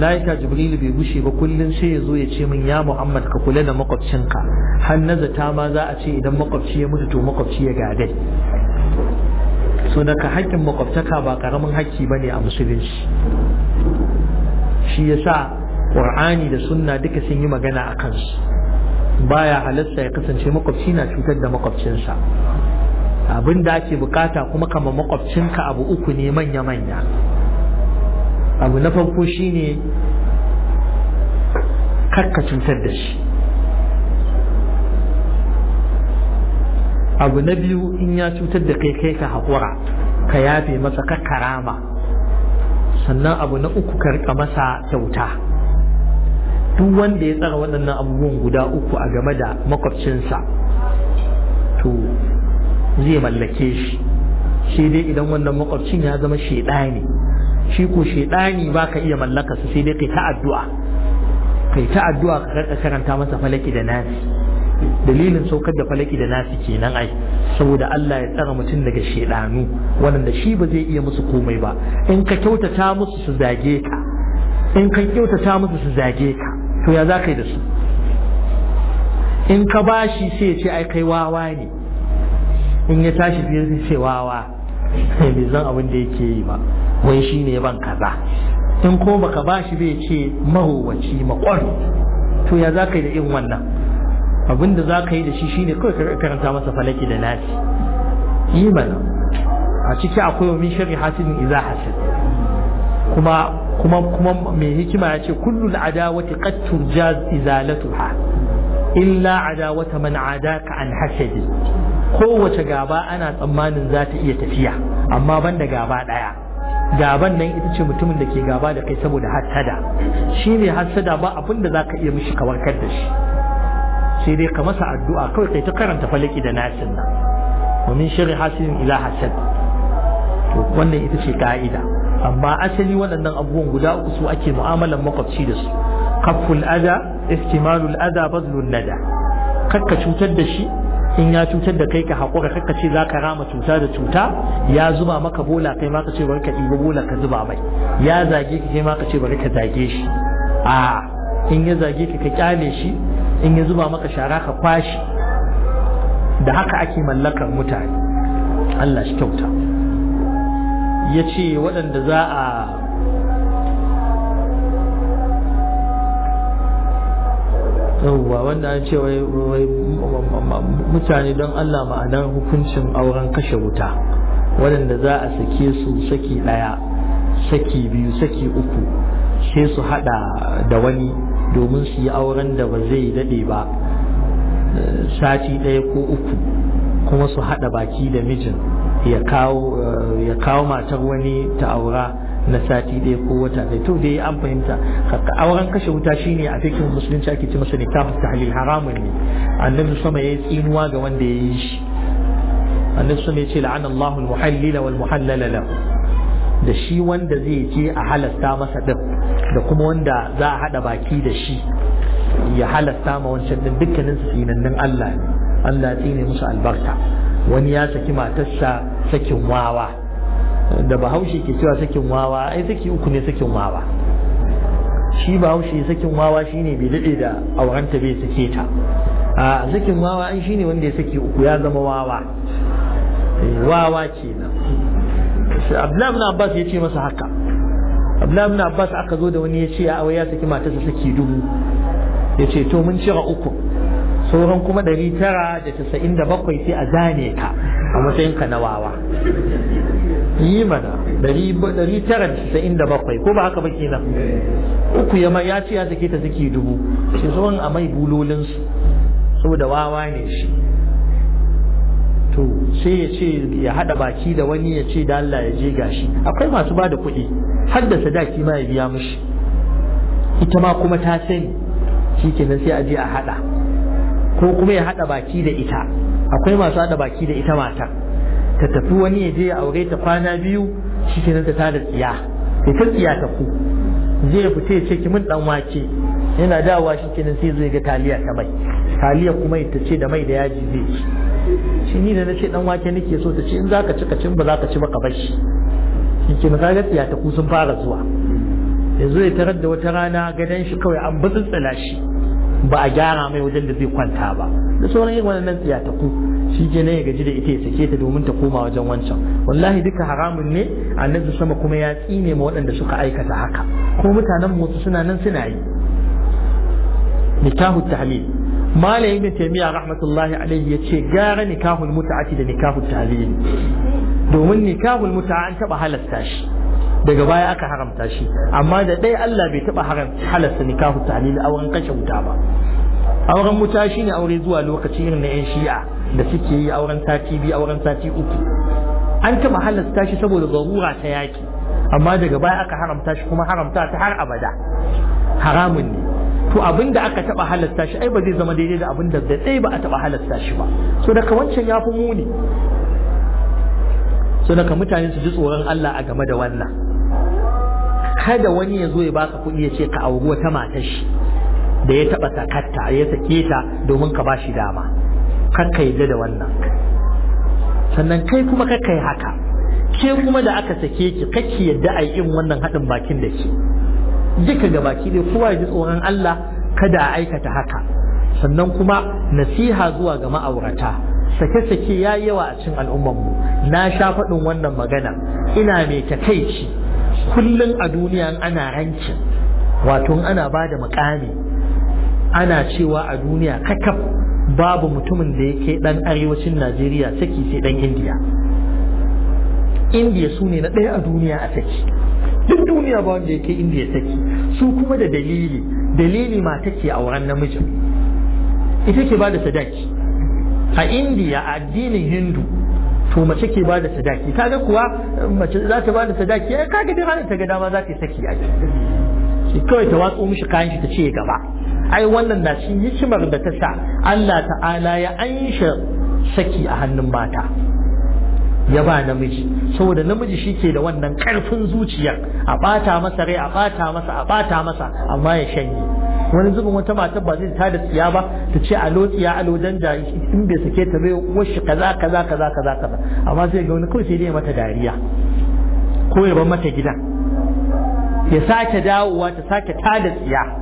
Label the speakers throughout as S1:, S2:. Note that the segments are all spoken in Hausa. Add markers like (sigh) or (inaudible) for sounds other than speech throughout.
S1: mala'ika jibril bai gushe ba kullum sai ya zo ya ce min ya muhammad ka kula da makwabcinka har na zata ma za a ce idan makwabci ya mutu to makwabci ya gade so daga haƙƙin makwabtaka ba karamin hakki bane a musulunci shi ya sa ƙur'ani da sunna duka sun yi magana a kansu baya halasta ya kasance makwabci na cutar da makwabcinsa abin da ake bukata kuma kama makwabcinka abu uku ne manya-manya abu na farko shine karka cutar da shi abu na biyu in ya cutar da kai kai ka haƙura ka yafe masa ka karama sannan abu na uku karka masa kyauta duk wanda ya tsara waɗannan abubuwan guda uku a game da makwabcinsa to zai mallake shi shi dai idan wannan makwabcin ya zama ne shi ko shaidani ba ka iya mallaka su sai dai kai ta addu'a kai ta addu'a ka karka karanta masa falaki da nasi dalilin saukar da falaki da nasi kenan ai saboda Allah ya tsara mutum daga shaidanu wanda shi ba zai iya musu komai ba in ka kyautata musu su zage ka in ka kyautata musu su zage ka to ya za ka yi da su in ka bashi sai ya ce ai kai wawa ne in ya tashi fiye sai ce wawa (laughs) bai zan abin da yake yi ba wai shi ne ban kaza in ko baka ba shi bai ce mahowaci makon to ya za ka yi da irin wannan abin da za ka yi da shi shi ne kawai karanta masa falaki da nasi yi mana a ciki akwai wa min shari hasidin iza hasid kuma kuma kuma mai hikima ya ce kullu adawati qad turjaz izalatuha illa adawata man adaka an hasadi kowace gaba ana tsammanin za ta iya tafiya amma banda gaba ɗaya. gaban nan ita ce mutumin da ke gaba da kai saboda hassada shi ne hassada ba abin da za ka iya mishi kawarkar da shi sai dai ka masa addu'a kawai kai ta karanta falaki da nasin nan domin shirin hasidin ila hasad to wannan ita ce ka'ida amma asali waɗannan abubuwan guda uku su ake mu'amalan makwabci da su kaful ada istimalul ada bazlun nada kakka cutar da shi in ya cutar da kai ka haƙura kakka ce za ka rama cuta da cuta ya zuba maka bola kai ma ka ce bari ka ɗiba bola ka zuba mai ya zage ka kai ma ce bari ka zage shi a in ya zage ka ka kyale shi in ya zuba maka shara ka kwashi da haka ake mallakar mutane Allah shi kyauta ya ce waɗanda za a yauwa wanda an ce wai mutane don Allah ma'anar hukuncin auren kashe wuta waɗanda za a sake su saki ɗaya saki biyu saki uku sai su haɗa da wani domin su yi auren da ba zai daɗe ba sati ɗaya ko uku kuma su haɗa baki da mijin ya kawo matar wani ta aura na sati ɗaya ko wata ɗaya to dai an fahimta auren kashe wuta shine a fikin musulunci ake ce masa ne tahlil haramun ne annabi sama yayi tsinuwa ga wanda ya yi shi annabi sama yace la'ana Allahu al wal muhallal lahu da shi wanda zai je a halasta masa din da kuma wanda za a hada baki da shi ya halasta ma wancan din dukkanin su sinannin Allah ne Allah ya tsine musu albarka wani ya saki matarsa sakin wawa da bahaushe ke cewa sakin wawa ai saki uku ne sakin wawa shi bahaushe sakin wawa shine bai dade da auranta bai sake ta a sakin wawa an shine wanda ya saki uku ya zama wawa eh, wawa kenan shi Abdullahi ibn Abbas ya ce masa haka Abdullahi ibn Abbas aka zo da wani ya ce a ya saki matarsa saki dubu ya ce to mun cira uku sauran kuma 997 tara da da bakwai sai a zane ka a matsayin ka na wawa yi mana ɗari tara da sa'in da bakwai ko ba haka ba kenan uku ya ma ya ce ya sake ta sake dubu shi zuwan a mai bulolinsu saboda wawa ne shi to sai ya ce ya haɗa baki da wani ya ce da Allah ya je gashi akwai masu ba da kuɗi har da sadaki ma ya biya mishi ita ma kuma ta sani shi kenan sai a je a haɗa ko kuma ya haɗa baki da ita akwai masu haɗa baki da ita matar ta tafi wani ya je ya aure ta kwana biyu shi kenan ta tada tsiya ya ta tsiya ta ku zai fita ya ce ki mun dan wake yana dawa shi kenan sai zai ga taliya ta mai taliya kuma ita ce da mai da yaji zai ci shi ni da nace dan wake nake so ta ce in zaka ci ka cin ba zaka ci ba ka bar shi shi kenan ga tsiya ta ku sun fara zuwa yanzu ya tarar da wata rana gadon shi kawai an batsutsula shi ba a gyara mai wajen da zai kwanta ba da sauran yin wannan tsiyataku shi ke ya gaji da ita ya sake ta domin ta koma wajen wancan wallahi duka haramun ne annabi sama kuma ya tsine ma waɗanda suka aikata haka ko mutanen motsu suna nan suna yi nikahu tahlil malai ibn taymiya rahmatullahi alaihi yace gara nikahul mut'ati da nikahu tahlil domin nikahul mut'a an taba halasta shi daga baya aka haramta shi amma da dai Allah bai taba haramta halasta nikahu tahlil auren kashe wuta ba auren wuta shine aure zuwa lokacin irin na yan shi'a da suke yi auren sati biyu auren sati uku an taɓa halasta shi saboda zarura ta yaki amma daga baya aka haramta shi kuma haramta ta har abada haramun ne to abin da aka taba halasta shi ai ba zai zama daidai da abin da zai ba a taɓa halasta shi ba so daga wancan ya fi muni so daga mutane su ji tsoron Allah a game da wannan kada wani ya zo ya baka kuɗi ya ce ka auri wata matar shi da ya taɓa sakatta ya sake ta domin ka ba shi dama kakka yadda da wannan sannan kai kuma kakka yi haka ke kuma da aka sake ki kakki yadda a yi wannan haɗin bakin da ke duka ga baki dai kowa ya ji tsoron Allah kada a aikata haka sannan kuma nasiha zuwa ga ma'aurata sake-sake ya yawa a cikin mu na sha faɗin wannan magana ina mai takaici kullum a duniya ana rancin
S2: wato ana
S1: ba da makami ana cewa a duniya kakaf babu mutumin da yake dan arewacin najeriya saki sai dan indiya indiya su ne na ɗaya a duniya a saki duk duniya ba wanda yake indiya saki su kuma da dalili dalili ma take a wurin namijin ita ke ba da sadaki a indiya a addinin hindu to mace ke ba da sadaki kaga kuwa mace za ta ba da sadaki ai kaga duk ranar ta ga dama za ta yi saki a kawai ta watsa mishi kayan shi ta ce gaba ai wannan na cikin hikimar da ta sa Allah ta'ala ya ansha saki a hannun mata ya ba namiji saboda namiji shi ke da wannan karfin zuciyar a bata masa rai a bata masa a bata masa amma ya shanye wani zubin wata matar ba zai tada tsiya ba ta ce alo tsiya alo danja in bai sake ta bai washi kaza kaza kaza kaza kaza amma zai ga wani kawai sai dai mata dariya ko ya bar mata gida ya sake dawowa ta sake tada tsiya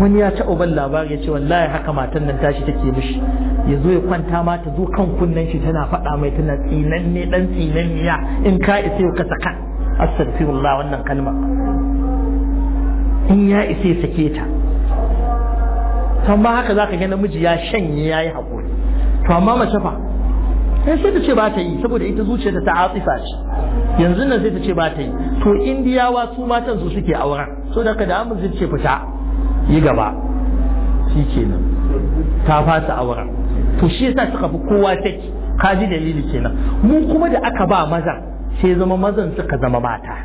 S1: wani ya ci uban labari ya ce wallahi haka matan nan tashi take mishi ya zo ya kwanta ma ta zo kan kunnen shi tana faɗa mai tana tsinanne dan tsinanniya in ka isa ka saka astaghfirullah wannan kalma in ya isa ya sake ta to amma haka zaka ga namiji ya shanye ya yi hakuri to amma mace fa sai sai ta ce ba ta yi saboda ita zuciya ta ta'atifa ce yanzu nan sai ta ce ba ta yi to indiyawa su matan su suke auren so da ka da amince ce fita yi gaba shi kenan ta fasa auren to shi yasa suka fi kowa take kaji dalili kenan mu kuma da aka ba mazan sai zama mazan suka zama mata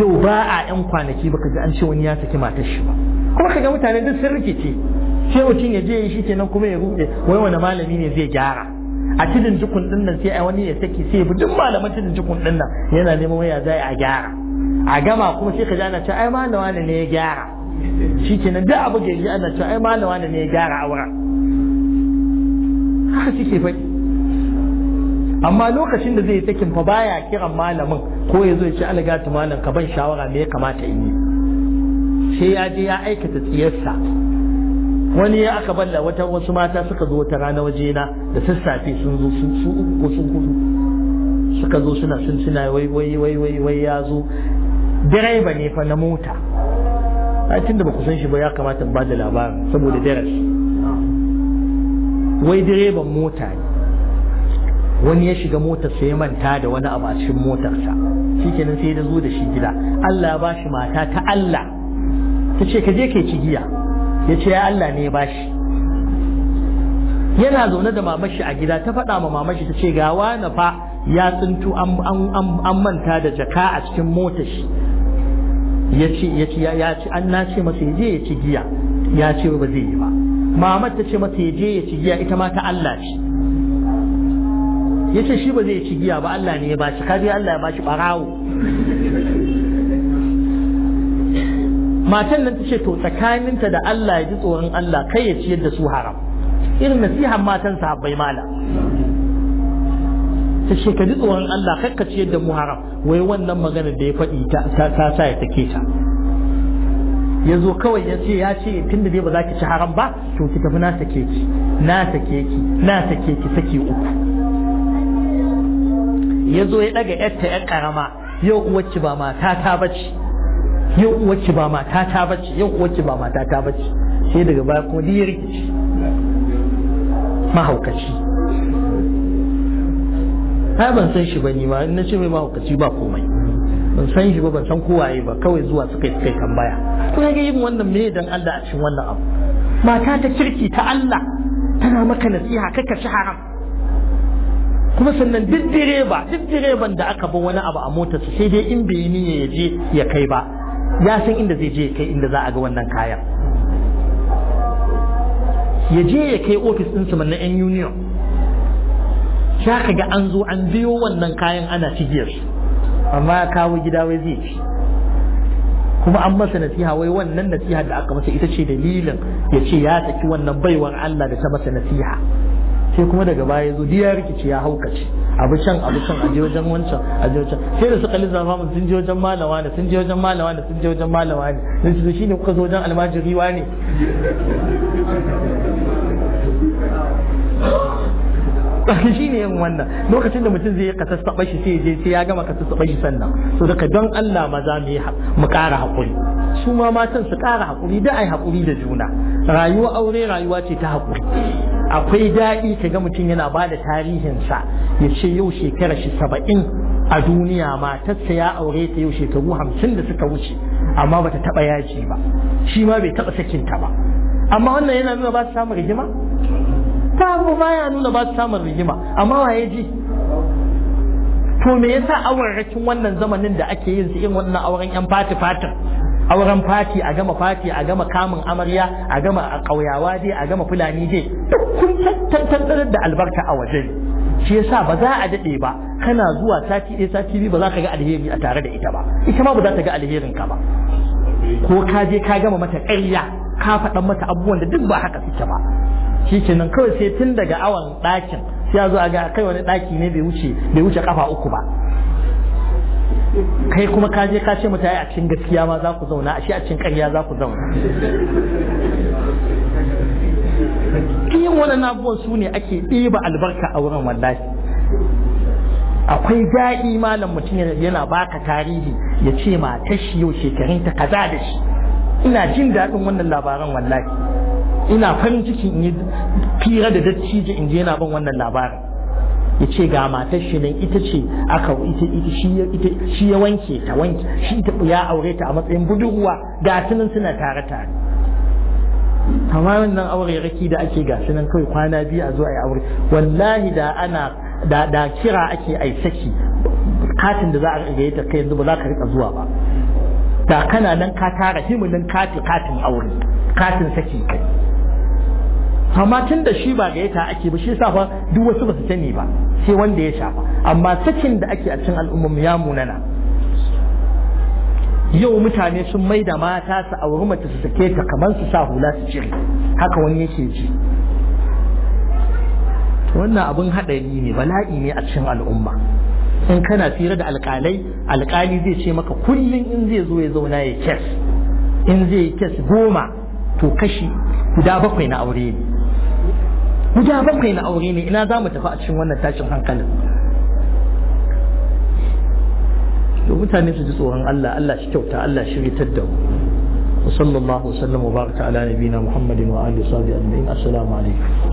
S1: yau ba a yan kwanaki baka ji an ce wani ya saki matar shi ba kuma kaga mutane duk sun rikice sai mutum ya je shi kenan kuma ya rufe wai wani malami ne zai gyara a tudun jikun din nan sai wani ya saki sai bi duk malaman tudun jikun din yana neman waya za a gyara a gama kuma sai ka ji ana cewa ai malawa ne ya gyara shi nan duk abu da ya ana cewa ai malawa ne ya gyara a wurin haka suke faɗi amma lokacin da zai yi sakin fa baya kiran malamin ko ya zo ya ce ta malam ka ban shawara me ya kamata in yi sai ya je ya aikata tsiyarsa wani ya aka balla wata wasu mata suka zo wata rana waje na da sassafe sun zo sun su uku sun kudu suka zo suna sun suna wai wai wai wai wai ya zo direba ne fa na mota a tun da ba san shi ba ya kamata ba da labarin saboda daras. wai direban mota ne wani ya shiga motar sai manta da wani abu a cikin motarsa shikenan sai da zo da shi gida Allah ba shi mata ta Allah ta ce ka je kai ci giya ya ce ya Allah ne ba shi yana zaune da mamashi a gida ta faɗa ma mamashi ta ce ga wani fa ya tsintu an manta da jaka a cikin motar shi ya ce ya ce an na ce masa ya je ya ci giya ya ce ba zai yi ba mamar ta ce masa ya je ya ci giya ita ma ta Allah ce ya ce shi ba zai ci giya ba Allah ne ya bashi kaji Allah ya bashi barawo matan nan ta ce to tsakaninta da Allah ya ji tsoron Allah kai ya ciyar da su haram irin nasihan matan sahabbai mala ta ce ka ji tsoron Allah kakka ciyar da mu haram wai wannan magana da ya faɗi ta sa ya take ta ya zo kawai ya ce ya ce tun da dai ba za ki ci haram ba to ki tafi na sake ki na sake ki na sake ki uku ya zo ya ɗaga yarta yar karama yau uwarki ba mata ta bace yau uwarki ba mata ta bace yau uwarki ba mata ta bace sai daga baya kuma duk ya rikici mahaukaci ai ban san shi ba ni ma in na ce mai mahaukaci ba komai ban san shi ba ban san kowaye ba kawai zuwa suka yi suka tambaya to ga yin wannan me dan Allah a cikin wannan abu mata ta kirki ta Allah tana maka nasiha kaka shi haram kuma sannan duk direba duk direban da aka bar wani abu a motarsa sai dai in bai niyya ya je ya kai ba ya san inda zai je ya kai inda za a ga wannan kayan ya je ya kai ofis ɗinsu na 'yan union sha ka ga an zo an biyo wannan kayan ana su amma ya kawo gida wai zai ci kuma an masa nasiha wai wannan nasiha da aka masa ita ce dalilin ya ce ya saki wannan baiwar Allah da ta masa nasiha sai kuma daga baya ya zo ya rikici ya haukace abu can abu can aje wajen wancan aje wajen sai da suka lissafa mu sun je wajen malawa ne sun je wajen malawa ne sun je wajen malawa ne sun shi ne kuka zo wajen almajiri wa ne (laughs) shi ne yin wannan lokacin da mutum zai yi kasassaɓa shi sai je sai ya gama kasassaɓa shi sannan so daga don Allah maza mu mu ƙara haƙuri su ma matan su ƙara haƙuri da ai haƙuri da juna rayuwa aure rayuwa ce ta haƙuri akwai daɗi ka ga mutum yana ba da tarihinsa ya ce yau shekara shi saba'in a duniya matarsa ya aure ta yau shekaru hamsin da suka wuce amma bata taɓa yaji ba shi ma bai taɓa sakinta ba amma wannan yana nuna ba su samun rigima samu ya nuna ba su samun rigima amma waye ji to me yasa awarrakin wannan zamanin da ake yin su irin wannan auren yan fati fati auren fati a gama fati a gama kamun amarya a gama a kauyawa dai a gama fulani dai kun tantantar da albarka a waje shi yasa ba za a dade ba kana zuwa sati ɗaya sati biyu ba za ka ga alheri a tare da ita ba ita ma ba za ta ga alherin ka ba ko ka je ka gama mata ƙarya ka faɗan mata abubuwan da duk ba haka suke ba shi kenan kawai sai tun daga awan ɗakin sai a zo a ga kai wani ɗaki ne bai wuce bai wuce kafa uku ba kai kuma ka je ka ce mu tayi a cikin gaskiya ma za ku zauna a shi a cikin ƙarya za ku zauna yin waɗannan abubuwan su ne ake ɗiba albarka a wurin wallahi akwai daɗi malam mutum yana baka tarihi ya ce ma ta shi yau shekarun ta kaza da shi ina jin daɗin wannan labaran wallahi ina farin ciki in yi fira da dattijo in je yana ban wannan labarin ya ce ga matar shi nan ita ce aka ita ita shi ya wanke ta wanke shi ta ya aure ta a matsayin budurwa ga sunan suna tare tare amma wannan aure raki da ake ga nan kawai kwana biyu a zo a yi aure wallahi da ana da da kira ake ai saki katin da za a ga ta kai yanzu ba za ka rika zuwa ba da kana nan ka tara himunin katin katin aure katin saki kai amma tun da shi ba yata ake ba shi safa duk wasu ba su sani ba sai wanda ya shafa amma sakin da ake a cikin al'ummar ya munana yau mutane sun mai da mata su auri mace su sake ta kamar su sa hula su cire haka wani yake ji wannan abin haɗari ne bala'i ne a cikin al'umma in kana tsira da alƙalai alƙali zai ce maka kullum in zai zo ya zauna ya kes in zai yi kes goma to kashi guda bakwai na aure ne guda bakwai na aure ne ina za mu tafi a cikin wannan tashin hankalin to mutane su ji tsoron Allah Allah shi kyauta Allah shi ritar da mu sallallahu alaihi wa sallam wa baraka ala nabiyina muhammadin wa alihi wa sahbihi ajma'in assalamu alaikum